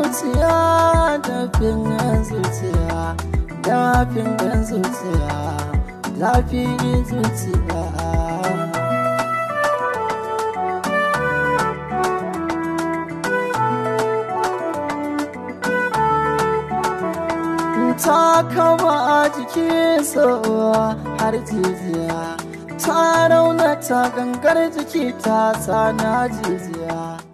zuciya dafin yan zuciya dafin yan zuciya zafin zuciya ta kama a jiki tsawa har jijiya ta raunata gangar jiki ta na jijiya